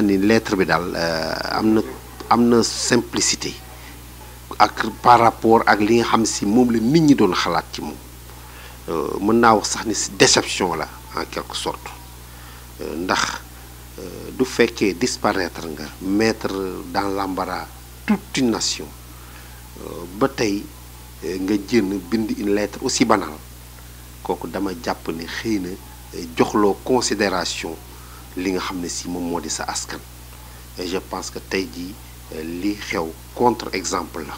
une une lettre bi daal euh, amna simplicité ak par rapport ak li nga xam si moom la nit ñi doon xalaat ci euh, déception la en quelque sorte euh, ndax du fekkee disparaître nga mettre dans l'embarras toute une nation ba tay nga jenn bind une lettre aussi banale kooku dama japp ne xeyna na considération li nga xam ne si moom moo di sa askan et je pense que tey jii euh, li xew contre exemple la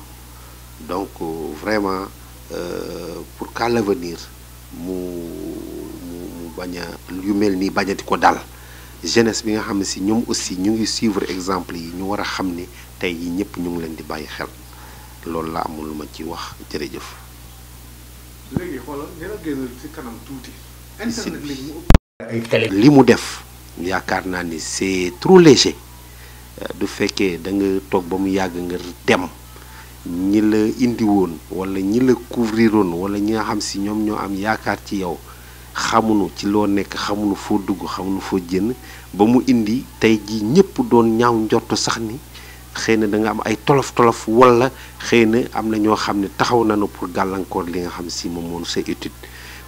donc euh, vraiment euh, pour qu'à l'avenir mu mu mu bañ a yu mel nii bañati ko dal jeunesse bi nga xam ne si ñoom aussi ñu ngi suivre exemple yi ñu war a xam ni tey yi ñëpp ñu ngi leen di bàyyi xel loolu la amul lu ma ci wax jërëjëf. léegi xoolal dina génn ci kanam tuuti. internet li mu def. yaakaar naa ni c'est trop léger du fekkee da nga toog ba mu yàgg nga dem ñi la indi woon wala ñi la couvrir woon wala ñi nga xam si ñoom ñoo am yaakaar ci yow xamunu ci loo nekk xamunu foo dugg xamunu foo jënn ba mu indi tey ji ñëpp doon ñaaw njort sax ni xëy na danga am ay tolof tolof wala xëy na am na ñoo xam ne taxaw nañu pour gàllankoor li nga xam si moom moonu sa étude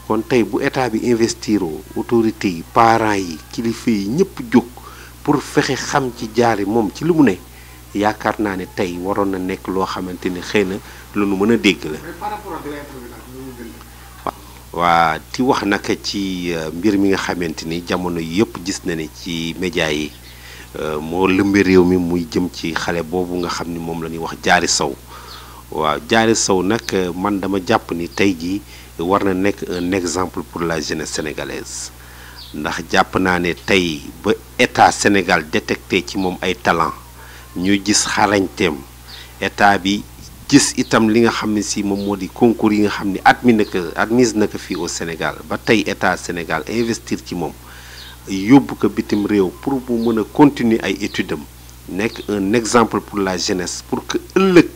kon tey bu état bi investiroo autorité yi parents yi kilifa yi ñëpp jóg pour fexe xam ci jaari moom ci li mu ne yaakaar naa ne tey waroon na nekk loo xamante ni xëy na lu nu mën a dégg la. waa ti wax naka ci euh, mbir mi nga xamante ni jamono yëpp gis na ne ci média yi euh, moo lëmbe réew mi muy jëm ci xale boobu nga xam ni moom la ñuy wax jaari sow. waaw Diary Sow nag euh, man dama jàpp ni tey jii war na nekk un exemple pour la jeunesse sénégalaise ndax jàpp naa ne tey ba état Sénégal détecté ci moom ay talent ñu gis xarañteem état bi gis itam li nga xam ne si moom moo di concours yi nga xam ne admis na ko admise fii au Sénégal ba tey état Sénégal investir ci moom yóbbu ko bitim réew pour mu mën a continuer ay études am nekk exemple pour la jeunesse pour que ëllëg.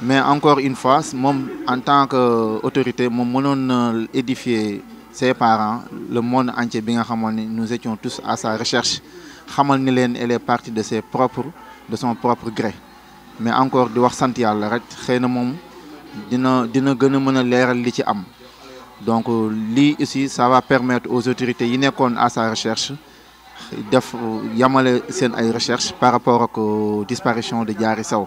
mais encore une fois en tant qu'autorité, euh, autorité édifier ses parents le monde entier nous étions tous à sa recherche elle est partie de ses propres de son propre gré mais encore il wax sentir. que donc euh, lui ici, ça va permettre aux autorités yi à sa recherche de faire des recherches recherche par rapport à la euh, disparition de Diarissao.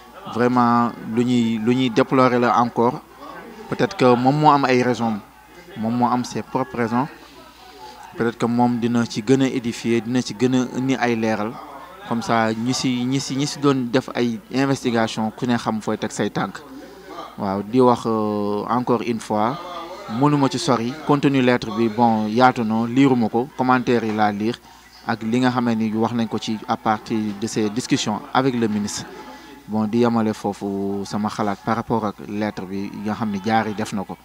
vraiment lu ñuy lu ñuy déplorer la encore peut-être que moom moo am ay raisons moom moo am ses propres raisons peut-être que moom dina ci gën a édifier dina ci gën a indi ay leeral comme ça ñi si ñi si ñi si doon def ay investigation ku ne xam fooy teg say tànk waaw di wax euh, encore une fois mënuma ci sori contenu lettre bi bon yaatu na liiruma ko commentaire yi laa lire ak li nga xamee ni wax nañ ko ci à partir de ces discussions avec le ministre bon di yemale foofu sama xalaat par rapport ak lettre bi nga xam ne jaari def na ko